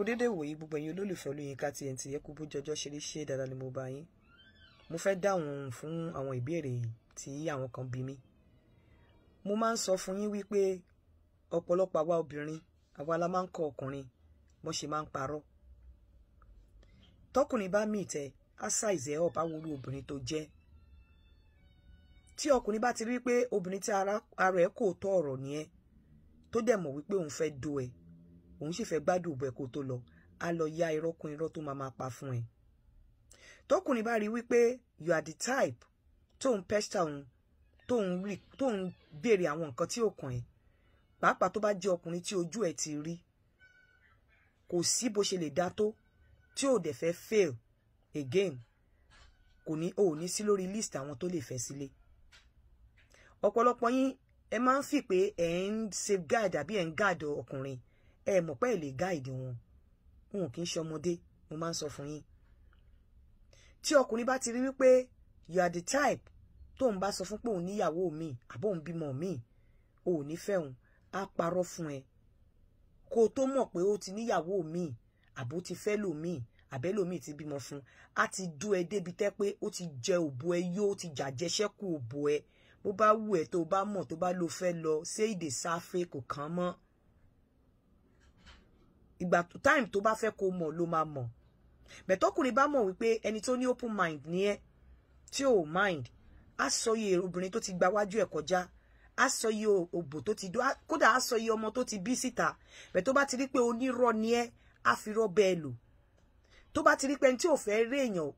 mo dédé wòye gbogbo ẹ̀yin olólùfẹ́ olóyinka TNT ẹ kú bójọjọ́ ṣeré ṣe dáadáa ni mo bá yín mo fẹ́ dáhùn fún àwọn ìbéèrè tí àwọn kan bí mi mo máa ń sọ fún yín wípé ọ̀pọ̀lọpọ̀ àwa obìnrin àwa la máa ń kọ ọkùnrin bó ṣe máa ń parọ́ tọkùnrin bá mì tẹ á ṣàìsẹ ọ bá wo obìnrin tó jẹ́ tí ọkùnrin bá ti rí pé obìnrin tí ara ẹ̀ kò tọ ọ̀rọ̀ nìyẹn tó dẹ̀ mọ̀ wípé òun fẹ́ do ẹ̀ òun sì fẹ́ gbádùn bẹ̀ kó tó lọ á lọ ya irọ́ kún irọ́ tó máa máa pa fún ẹ. tọkùnrin bá rí wípé you are the type tóun pẹ́sítà òun tóun béèrè àwọn nǹkan tí ò kàn ẹ́ pàápàá tó bá jẹ́ ọkùnrin tí ojú ẹ̀ ti rí kò sí bó ṣe lè dá tó tí ò dẹ̀ fẹ́ fail again kò ní o ò ní sí lórí list àwọn tó lè fẹ́ sílé ọ̀pọ̀lọpọ̀ yín ẹ máa ń fi pé ẹ̀ ń safeguard àbí ẹ̀ ń guard ọkùnrin ẹ mọ̀ pé ẹ lè gáìdì wọn wọn kì í ṣe ọmọdé mo máa ń sọ fún yín tí ọkùnrin bá ti rí wípé you are the type tó ń bá sọ fún pé òun níyàwó mi àbó òun bímọ mi ò ní fẹ́ òun á parọ́ fún ẹ kó o tó mọ̀ pé ó ti níyàwó mi àbó ti fẹ́ lòmí àbẹ́lòmí ti bímọ fún á ti dú ẹ débi tẹ́ pé ó ti jẹ òbò ẹ yó ti jàjẹsẹ́kù òbò ẹ bó bá wù ẹ tó bá mọ̀ tó bá lo fẹ́ lọ ṣé ìdè sáfẹ́ kò kàn mọ́ ìgbà tó time tó bá fẹ́ kó mọ̀ ló máa mọ̀ bẹ̀tọ́kùnrin bá mọ̀ wípé ẹni tó ní open mind ni ẹ́ tí ò mind á sọ iye obìnrin tó ti gba wájú ẹ̀ kọjá á sọ iye òbò tó ti dó kódà á sọ iye ọmọ tó ti bisita. síta bẹ̀ tó bá ti rí pé onírọ́ ni ẹ́ á fi rọ́ bẹ́ẹ̀ lò tó bá ti rí pé ẹni tí ò fẹ́ rí èèyàn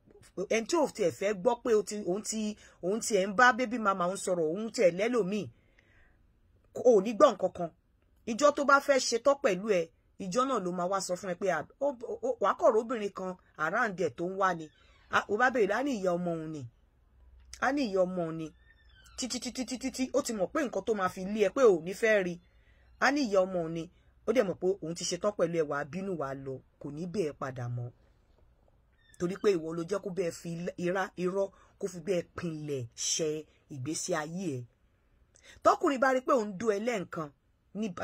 ẹni tí ò tiẹ̀ fẹ́ gbọ́ pé òun ti òun tiẹ̀ ń bá bébí mama òun sọ̀rọ̀ òun tiẹ̀ lẹ́lòmíì ò ní gbọ́ nǹkan kan ìjọ tó bá fẹ́ ṣetán pẹ̀lú ẹ̀ ìjọ náà ló máa wá sọ fún ẹ pé wàá kọ̀rọ̀ obìnrin kan àráǹdì ẹ̀ tó ń wá ni ó bá béèrè á ní ìyá ọmọ òun ni á ní ìyá ọmọ òun ni títí títí títí tí ó ti mọ̀ pé nǹkan tó máa fi lé ẹ pé ò ní fẹ́ rí á ní ìyá ọmọ òun ni ó dẹ̀ mọ̀ pé òun ti ṣetán pẹ̀lú ẹ wàá bínú wàá lọ kò ní bẹ́ẹ̀ padà mọ́ torí pé ìwọ ló jẹ́ kó bẹ́ẹ̀ fi irá irọ́ kó fi bẹ́ẹ̀ pinlẹ̀ ṣe ìgbésí ayé ẹ̀ tọkùnrin bá rí pé òun dún ẹ lẹ́ǹkan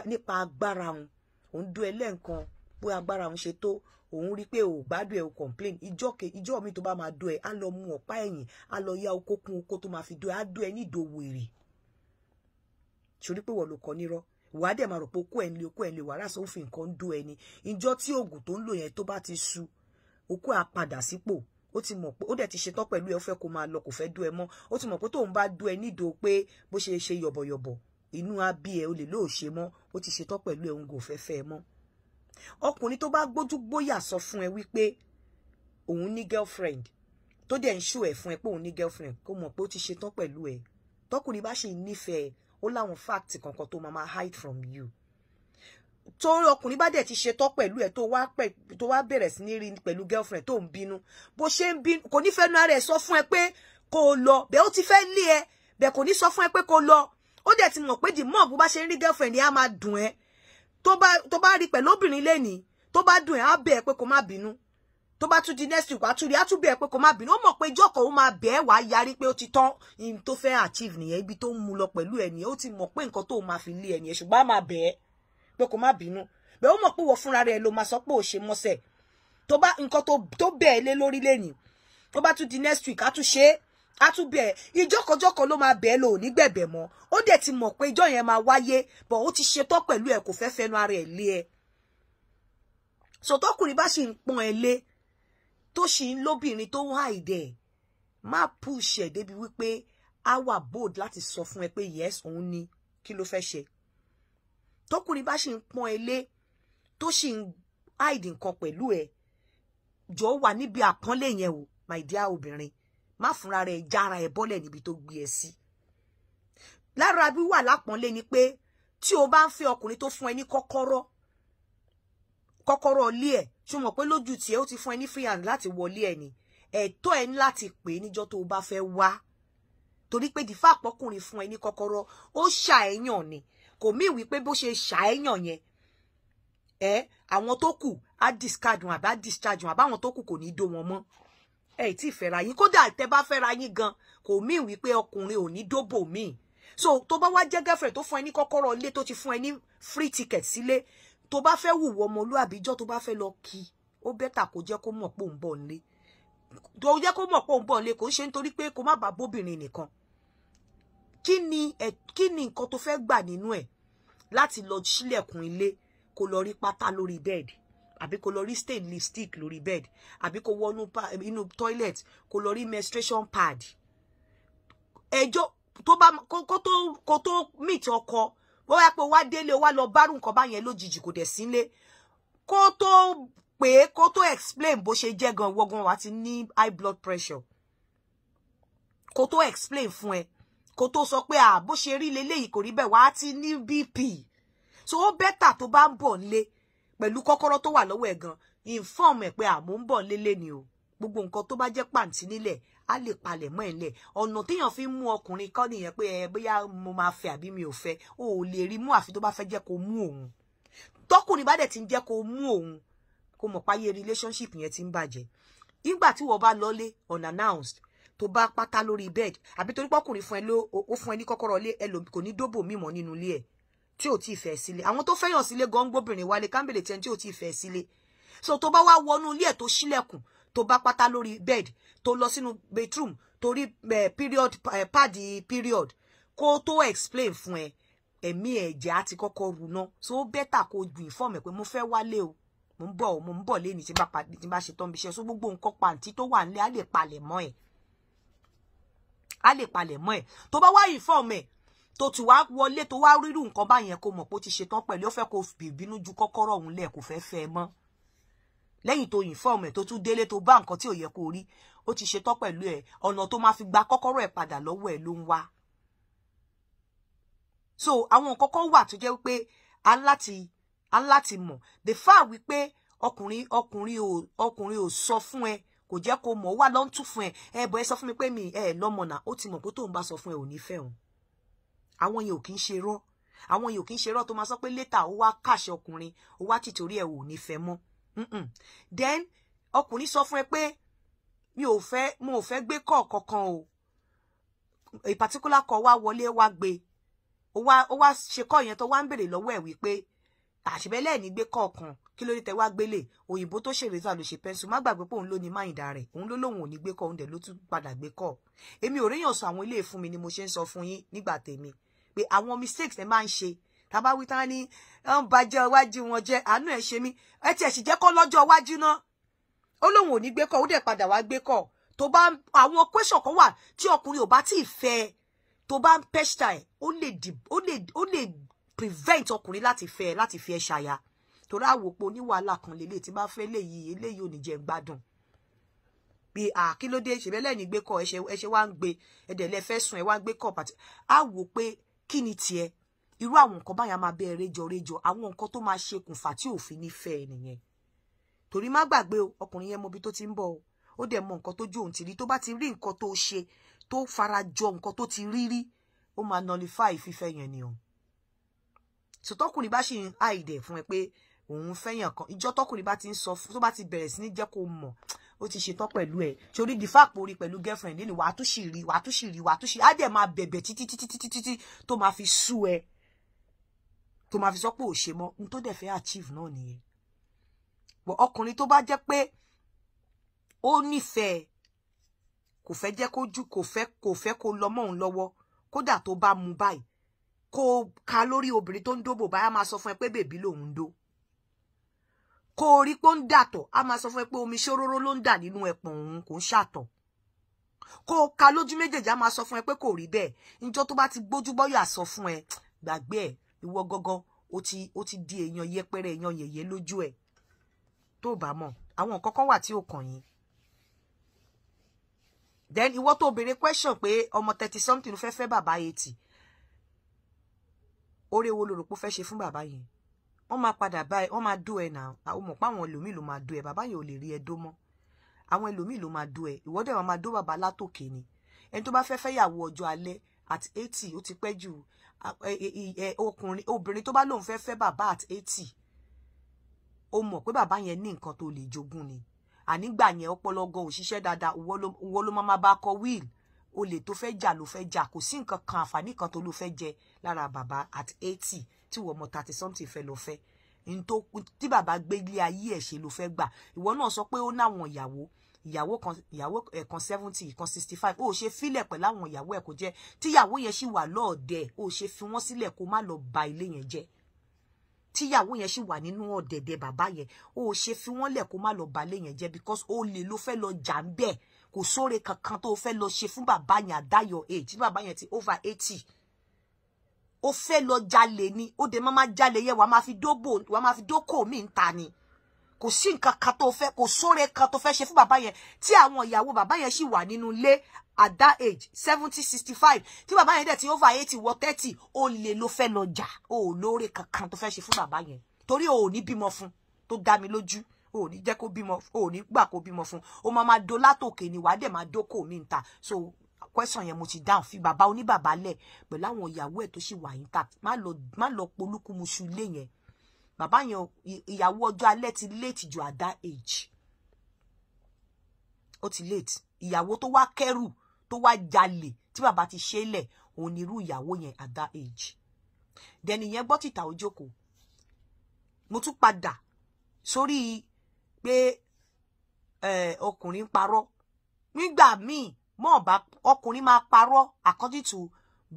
nípa agbára òun òun dún ẹlẹ́ǹkan pé agbára òun ṣe tó òun rí pé ò gbádùn ẹ ò complain ìjọ ke ìjọ mi tó bá máa dún ẹ á lọ mú ọ̀pá ẹ̀yìn á lọ ya oko kún oko tó máa fi dún ẹ á dún ẹ nídòó wèrè torí pé wọ́n ló kọ́ nírọ́ wàá dẹ̀ máa rò pé okó ẹ̀ ń lé okó ẹ̀ ń lé wàrà sóun fi nǹkan dún ẹ ni ìjọ tí oògùn tó ń lò yẹn tó bá ti su okó ẹ̀ á padà sípò ó ti mọ̀ pé ó dẹ̀ ti ṣetán pẹ̀lú ẹ ó fẹ́ kó máa lọ kò fẹ́ dún ẹ mọ́ ó ti mọ̀ pé tóun bá dún ẹ nídòó pé bó ṣe ṣe yọ̀bọ̀yọ̀bọ̀ inú abí ẹ o lè lóò ṣe mọ́ ó ti ṣetán pẹ̀lú ẹ òun kò fẹ́ fẹ́ ẹ mọ́ ọkùnrin tó bá gbójú gbóyà sọ fún ẹ wípé òun ní girlfriend tó dẹ̀ ń ṣó ẹ̀ fún ẹ pé òun ní girlfriend kó mọ̀ pé ó ti ṣetán pẹ̀lú ẹ tọkùnrin bá ṣe nífẹ̀ẹ́ ó láwọn fact kankan tó máa hide from you torí ọkùnrin bá dẹ̀ ti ṣetán pẹ̀lú ẹ̀ tó wá bẹ̀rẹ̀ sí ní rí pẹ̀lú girlfriend tó ń bínú bó ṣe ń bínú kò ní nu ara ẹ̀ sọ fún ẹ pé kó lọ bẹ́ẹ̀ ó ti fẹ́ lé ẹ bẹ́ẹ̀ kò ní sọ fún ẹ pé kó lọ ó dẹ̀ ti mọ̀ pé the more bó bá ṣe ń rí girlfriend yẹn á máa dùn ẹ́ tó bá rí pẹ̀lú obìnrin lẹ́nìí tó bá dùn ẹ́ á bẹ̀ ẹ́ pé kó má bínú tó bá tún di next week wàá tún rí àtúbẹ̀ ẹ̀ pé kò má bínú ó mọ̀ pé ìjọ kan ó máa bẹ̀ ẹ́ wàá yarí pé ó ti tán ihun tó fẹ́ achieve nìyẹn ibi tó ń mu lọ pẹ̀lú ẹ̀ nìyẹn ó ti mọ̀ pé nǹkan tó máa fi lé ẹ̀ nìyẹn ṣùgbọ́n á máa bẹ̀ ẹ́ pé kò next week á a tún bẹ̀ ìjọkọjọkọ ló máa bẹ̀ ẹ́ lò ní gbẹ̀bẹ̀ mọ́ ó dẹ̀ ti mọ̀ pé ìjọ yẹn máa wáyé bọ̀ ó ti ṣetán pẹ̀lú ẹ̀ kò fẹ́ fẹnu ara ẹ̀ lé ẹ sọtọkùnrin bá sì ń pọn ẹ lé tó sì ń lóbìnrin tó ń hàìdẹ má push ẹ débi wípé a wà bold láti sọ fún ẹ pé yes òun ni kí ló fẹ́ ṣe tọkùnrin bá sì ń pọn ẹ lé tó sì ń hide nǹkan pẹ̀lú ẹ jọ wà níbi àpọ́nlé yẹn o my dear obìnrin má fúnra jara jára ẹ̀ bọ́lẹ̀ níbi tó gbé ẹ sí lára bí wà lápọ́nlé ni pé tí o bá ń fẹ́ ọkùnrin tó fún ẹ ní kọ́kọ́rọ́ kọ́kọ́rọ́ ilé ẹ̀ ṣó mọ̀ pé lójú tiẹ̀ ti fún ẹ ní free hand láti wọlé ẹ̀ ni ẹ̀tọ́ ẹ ní láti pè é níjọ́ tó o bá fẹ́ wá torí pé dìfá àpọ́kùnrin fún ẹ ní kọ́kọ́rọ́ ó ṣà ẹ̀yàn ni kò mí wípé bó ṣe ṣà ẹ̀yàn yẹn ẹ àwọn tó kù á discard wọn àbá discharge wọn àbáwọn tó kù kò ní í dó wọn mọ́ ẹ tí ì fẹ́ra yín kódà tẹ bá fẹ́ra yín gan kò mí wípé ọkùnrin ò ní dóbò míì so tó bá wá jẹ́ girlfriend tó fún ẹ ní kọ́kọ́rọ́ ilé tó ti fún ẹ ní free ticket sílé tó bá fẹ́ wùwọ ọmọlúàbí jọ́ tó bá fẹ́ lọ kí ó bẹ́tà kó jẹ́ kó mọ̀ pé òun bọ̀ nílé tó jẹ́ kó mọ̀ pé òun bọ̀ nílé kò ń ṣe nítorí pé kó má bàa bóbìnrin nìkan kí ni ẹ kí ni nǹkan tó fẹ́ gbà nínú ẹ̀ láti lọ sílẹ̀kùn ilé kó lọ rí pátá lórí bẹ́ẹ̀dì àbí kò lọ rí stain lipstick lórí bed àbí kò wọnú inú toilet kò lọ rí menstruation pad ẹjọ́ tó bá kó tó kó tó meet ọkọ wọ́n wá pé wá délé wá lọ bárù nǹkan báyẹn lójijì kò dẹ̀ sílé kó tó pé kó tó explain bó ṣe jẹ́ gan wọ́gán wa ti ní high blood pressure kó tó explain fún ẹ kó tó sọ pé à bó ṣe rí leléyìí kò rí bẹ́ẹ̀ wá ti ní BP so ó bẹ́tà tó bá ń bọ̀ nílé pẹ̀lú kọ́kọ́rọ́ tó wà lọ́wọ́ ẹ̀ gan inform ẹ̀ pé àmọ́ ń bọ̀ lélẹ̀ ni o gbogbo nǹkan tó bá jẹ́ pàǹtí nílẹ̀ á lè palẹ̀ mọ́ ẹ̀ lẹ̀ ọ̀nà téèyàn fi ń mú ọkùnrin kọ́ nìyẹn pé ẹ bóyá mo máa fẹ́ àbí mi ò fẹ́ o ò lè rí mú àfi tó bá fẹ́ jẹ́ kó mú òun tọkùnrin bá dẹ̀ ti ń jẹ́ kó mú òun kó mọ̀ páyé relationship yẹn ti ń bàjẹ́ nígbà tí wọ́n bá lọ́lé unannounced tó bá pátá lórí bed àbí torí pọ́kùnrin fún ẹ ló ó fún ẹ ní kọ́kọ́rọ́ lé ẹ kò ní dóbò mímọ́ nínú ilé ẹ̀ tí ò tí ì fẹ́ sílé àwọn tó fẹ́yàn sílé gan gbóbìnrin wálé kámbèlè tẹni tí ò tí ì fẹ́ sílé so tó bá wá wọnú ilé ẹ̀ tó ṣílẹ̀kùn tó bá pátá lórí bed tó lọ sínú bedroom torí eh, period eh, pad period kó tó explain fún ẹ eh, ẹ̀jẹ̀ eh ti kọ́kọ́ runá so ó bẹ́tà kó gbìn fọ́ọ̀mù pé mo fẹ́ wálé o mo ń bọ̀ mo ń bọ̀ léni tí n bá ṣe tán bí iṣẹ́ so gbogbo nǹkan pàǹtí tó wà nílé á lè palẹ̀ mọ́ ẹ̀ á lè palẹ̀ mọ́ ẹ̀ tó bá wá ìfọ́ọ̀mù ẹ̀ tó ti wá wọlé tó wá rírú nǹkan báyẹn kó mọ̀ pé ó ti ṣetán pẹ̀lú ó fẹ́ kó bìbínú ju kọ́kọ́rọ́ òun lẹ̀ kó fẹ́ fẹ́ ẹ mọ́ lẹ́yìn tó yìn fọ́ọ̀mù ẹ̀ tó tún délé tó bá nǹkan tí ò yẹ kó rí ó ti ṣetán pẹ̀lú ẹ̀ ọ̀nà tó máa fi gba kọ́kọ́rọ́ ẹ̀ padà lọ́wọ́ ẹ̀ ló ń wá. so àwọn nǹkan kan wà tó jẹ́ wípé aláti aláti mọ̀ the fact wípé ọkùnrin ọkùnrin ò ọkùnrin ò sọ fún ẹ kò jẹ́ kó mọ̀ ó wà lọ́n fún ẹ ẹ bọ̀ ẹ sọ fún mi pé mi ẹ lọ́mọ náà ó ti mọ̀ pé tóun bá sọ fún ẹ ò ní fẹ́ òun àwọn yẹn ò kí ń ṣe rọ́ àwọn yẹn ò kí ń ṣe rọ́ tó máa sọ pé létà ó wá kàṣẹ ọkùnrin ó wá tìtorí ẹ̀ ò ní fẹ́ mọ́ then ọkùnrin sọ fún ẹ pé mi ò fẹ́ mo ò fẹ́ gbé kọ́ kankan o a particular kọ́ wá wọlé wá gbé ó wá ṣe kọ́ yẹn tó wá ń béèrè lọ́wọ́ ẹ̀ wípé àṣebẹ́lẹ̀ ní gbé kọ̀ọ̀kan kí ló ní tẹ́ wá gbélé òyìnbó tó ṣe rẹ́sà ló ṣe pẹ́ńsù má gbàgbé pé òun ló ní máìndà rẹ̀ òun ló lóun ò ní gbé kọ́ òun dẹ̀ ló tún padà gbé kọ́ èmi ò réyàn sọ àwọn ilé fún mi ni mo ṣe ń sọ fún yín nígbà tèmi pé àwọn mistakes ẹ máa ń ṣe tàbá wí tán ni ń bàjẹ́ iwájú wọn jẹ́ àánú ẹ̀ ṣe mí ẹ tiẹ̀ sì jẹ́ kọ́ lọ́jọ́ iwájú náà ó lóun ò ní gbé kọ́ question kan wà tí ọkùnrin ò bá tí ì fẹ́ tó bá ń pẹ́ṣítà prevent ọkùnrin láti fẹ́ ẹ láti fi ẹ ṣàyà torí àwò pé oníwàhálà kan lélẹ̀ tí bá fẹ́ léyìí eléyìí ò ní jẹ́ gbádùn bí àkílódé ṣèbẹ́ lẹ́yìn gbé kọ́ ẹṣẹ wá ń gbé ẹ̀dẹ̀ lẹ fẹ́ sùn ẹ wá ń gbé kọ́ pàtó àwò pé kí ni tiẹ̀ irú àwọn nǹkan báyà máa bẹ rẹjọ rẹjọ àwọn nǹkan tó máa ṣokùnfà tí òfin ní fẹ́ ẹ nìyẹn torí má gbàgbé o ọkùnrin yẹn mọ ibi tó ti ń bọ̀ o ó dẹ̀ mọ nǹkan tó jó òun ti rí tó bá ti rí nǹkan tó ṣe tó farajọ nǹkan tó ti rí rí ó máa nullify fífẹ́ yẹn ni o so tọkùnrin bá ṣì ń àìdẹ̀ fún ẹ pé òun fẹ́yàn kan ìjọ tọkùnrin bá ti ń sọ fún tó bá ti bẹ̀rẹ̀ sí ní jẹ́ kó mọ̀ ó ti ṣetán pẹ̀lú ẹ̀ torí the fact orí pẹ̀lú girlfriend nínú wàá tún ṣì rí wàá tún ṣì rí wàá tún ṣì á dẹ̀ máa bẹ̀bẹ̀ títí títí títí títí tó máa fi sú ẹ tó máa fi sọ pé ò ṣe mọ́ n tó dẹ̀ fẹ́ achieve náà nìyẹn bọ̀ ọkùnrin tó bá jẹ́ pé ó nífẹ̀ẹ́ kò fẹ́ jẹ́ kó jù kò fẹ́ kò fẹ́ kó lọ mọ́ òun lọ́wọ́ kódà tó bá mu báyìí kó ka lórí obìnrin tó ń dó bòbá á máa sọ fún ẹ pé bèbí lòun ń dó kó o rí pé ó ń dàtọ̀ á máa sọ fún ẹ pé omi ṣóróró ló ń dà nínú ẹpọ̀n òun kò ń o ka lójú méjèèjì á máa sọ fún ẹ pé kò rí bẹ́ẹ̀ níjọ́ tó bá ti gbójú bọ́yọ̀ àsọ fún ẹ gbàgbé ẹ ìwọ gangan ó ti ó ti di èèyàn yẹpẹrẹ èèyàn yẹyẹ lójú ẹ tó bá mọ̀ àwọn nǹkan kan wà tí ò kàn then iwo tó béèrè question pé omo thirty something fe fẹ́ bàbá eighty oore wo lo rò pé ó fẹ́ ṣe fún bàbá yẹn wọ́n máa padà báyìí wọ́n máa dó ẹ nà ó mọ̀ pé àwọn ẹlòmíì ló máa dó ẹ bàbá yẹn ò lè rí ẹ dó mọ́ àwọn ẹlòmíì ló máa dó ẹ ìwọ́dẹ̀ wọn máa dó bàbá látòkè ni ẹni tó bá fẹ́ fẹ́ yàwó ọjọ́ alẹ́ at eighty ó ti pẹ́ jù ọkùnrin obìnrin tó bá lóun fẹ́ fẹ́ bàbá at eighty ó mọ̀ pé bàbá yẹn ní nǹkan tó lè jogún ni ànígbà yẹn ọpọlọgọ òṣìṣẹ́ dáadáa ìwọ ló máa bá kọ wíìlì olè tó fẹ́ jà ló fẹ́ jà kò sí nǹkan kan àǹfààní kan tó ló fẹ́ jẹ lára bàbá at eighty Ti wo mọ thirty something fe lọ fẹ́ ntó tí bàbá gbé ilé ayé ẹ̀ lo fe fẹ́ gbà na náà sọ pé ó náwọn ìyàwó ìyàwó kan ìyàwó ẹ̀ kan seventy kan sixty five ó ṣe filẹ̀ pẹ̀lú àwọn ìyàwó ẹ̀ kò jẹ́ tíyàwó yẹn ṣì wà lọ́ọ̀dẹ̀ ó ṣe fi wọ́n sílẹ̀ kó má lọ ba ilé yẹn jẹ́ tíyàwó yẹn ṣì wà nínú ọ̀dẹ̀dẹ̀ bàbá yẹn ó ṣe fi wọ́n lẹ̀ kó má lọ ba ilé yẹn jẹ́ because ó lè ló fẹ́ lọ jà ń kò sóore kankan tó fẹ́ lọ ṣe fún bàbá yẹn at your age bàbá yẹn ti over eighty ó fẹ́ lọ jalè ni ó dẹ̀ máa jalè yẹ wàá máa fi dóbò wàá máa fi dókò mí ń ta ni kò sí nǹkan kan tó fẹ́ kò sóore kan tó fẹ́ ṣe fún bàbá yẹn tí àwọn ìyàwó bàbá yẹn sì wà nínú ilé at that age seventy sixty five tí bàbá yẹn dẹ̀ ti over eighty wọ thirty ó lè ló fẹ́ lọ jà ó lóore kankan tó fẹ́ ṣe fún bàbá yẹn torí ò bímọ fún tó dá mi lójú o ò ní jẹ́ kó bímọ o ò ní gbà kó bímọ fún o máa máa do látòkè ni wàá dẹ̀ máa dókò mí ń so question yẹn mo ti dáhùn fi bàbá oníbàbá lẹ̀ pẹ̀lú àwọn ìyàwó ẹ̀ tó ṣì wà intact má lọ má lọ polúkúmuṣu ilé yẹn bàbá yẹn ìyàwó ọjọ́ alẹ́ ti late ju àdá age ó ti late ìyàwó tó wá kẹ́rù tó wá jalè tí bàbá ti ṣe é lẹ̀ òun ni irú ìyàwó yẹn at that age dẹni yẹn gbọ́ tìta òjòkó mo tún padà sórí pé ọkùnrin ń parọ́ nígbà míì mọ̀ bá ọkùnrin máa parọ́ according to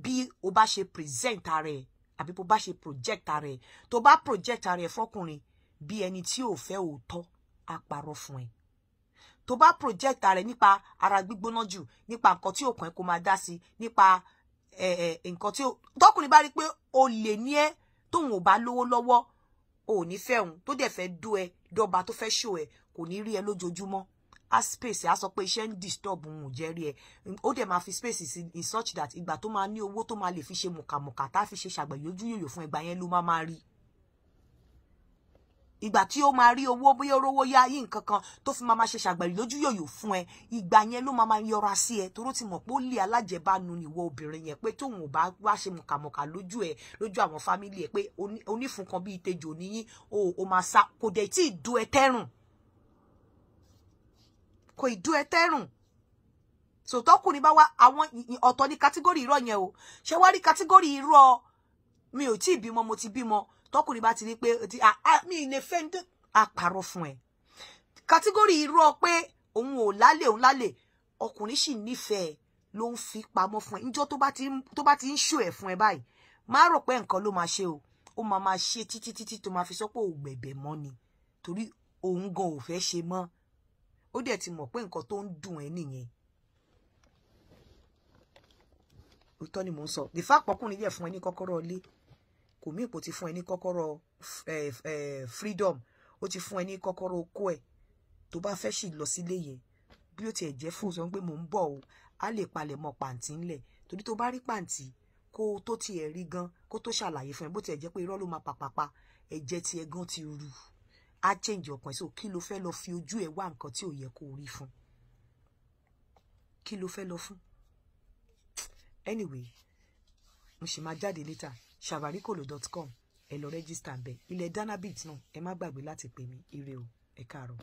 bí o bá ṣe present ara ẹ̀ àbí bó bá ṣe project ara ẹ̀ tó bá project ara ẹ̀ fọkùnrin bí ẹni tí ò fẹ́ òótọ́ á parọ́ fún ẹ tó bá project ara ẹ nípa ara gbígbóná jù nípa nǹkan tí òkàn ẹ kò máa dá sí nípa nǹkan tí tọkùnrin bá rí i pé o lè ní ẹ tóun ò bá lówó lọ́wọ́ o ò ní fẹ́ òun tó dẹ̀ fẹ́ dó ẹ dọ́ba tó fẹ́ ṣò ẹ̀ kò ní rí ẹ lójoojúmọ́ a space a sọ pé iṣẹ́ ń disturb òun ò jẹ́ rí ẹ ó dẹ̀ máa fi space sí in such that ìgbà tó máa ní owó tó máa lè fi ṣe mùkàmùkà tá a fi ṣe ṣàgbẹ̀yójú yòyò fún ẹgbà yẹn ló máa máa rí i ìgbà tí ó máa rí owó bóyá rówó yá yí nǹkan kan tó fi máa ṣe ṣàgbàrí lójú yòyò fún ẹ ìgbà yẹn ló máa yọra sí ẹ toró ti mọ̀ pé ó lé alájẹbánu nìwọ obìnrin yẹn pé tóun ò bá wá ṣe mọ̀kàmọ̀kà lójú ẹ lójú àwọn fámílì ẹ pé onífunkan bíi tejò níyín o ò máa sa kò dẹ̀ tí ì du ẹ tẹ́rùn kò ì du ẹ tẹ́rùn sòtọ́kùnrin bá wá àwọn ọ̀tọ̀ ní kátígórì irọ́ yẹn o ṣé wá rí kátígórì irọ́ mi ò tí ì bímọ mo ti bímọ tọkùnrin bá ti rí pé ah, ah, mi ìlè fẹ́ ń dé àpàrọ̀ fún ẹ̀ kàtígórì irọ́ pé òun ò lálé òun lálé ọkùnrin sì nífẹ̀ẹ́ ló ń fi pamọ́ fún ẹ níjọ́ tó bá ti ń ṣò ẹ̀ fún ẹ báyìí má rò pé nǹkan ló máa ṣe o ó máa máa ṣe títí títí tó máa fi sọ pé ògbẹ̀bẹ̀ mọ́ ni torí òun gan ò fẹ́ ṣe mọ́ ó dẹ̀ ti mọ̀ pé nǹkan tó ń dùn ẹ́ nìyẹn òótọ́ ni mò ń sọ the fact pọ́kùnrin yẹ̀ fún ẹ ní kọ́kọ́rọ́ ilé kò mí ìpò ti fún ẹ ní kọ́kọ́rọ́ freedom ó ti fún ẹ ní kọ́kọ́rọ́ okó ẹ tó bá fẹ́ sì lọ sílé yẹn bí ó tiẹ̀ jẹ́ fóònù sọ pé mò ń bọ̀ o á lè palẹ̀ mọ́ pàǹtí ńlẹ̀ torí tó bá rí pàǹtí kó tó tiẹ̀ rí gan kó tó ṣàlàyé fún ẹ bó tiẹ̀ jẹ́ pé irọ́ ló máa pàpàpà ẹ̀jẹ̀ tiẹ̀ gan ti rù á change ọkàn ẹ̀ so kí ló fẹ́ lọ fi ojú ẹ̀ wá nǹkan tí ò yẹ kó o rí fún kí ló fẹ́ lọ fún anyway mo sì máa jáde later shavarikolo.com ẹ lọ rẹ́jísítà ńbẹ̀ ilẹ̀ danabit náà ẹ má gbàgbé láti pè mí ire o ẹ káàárọ̀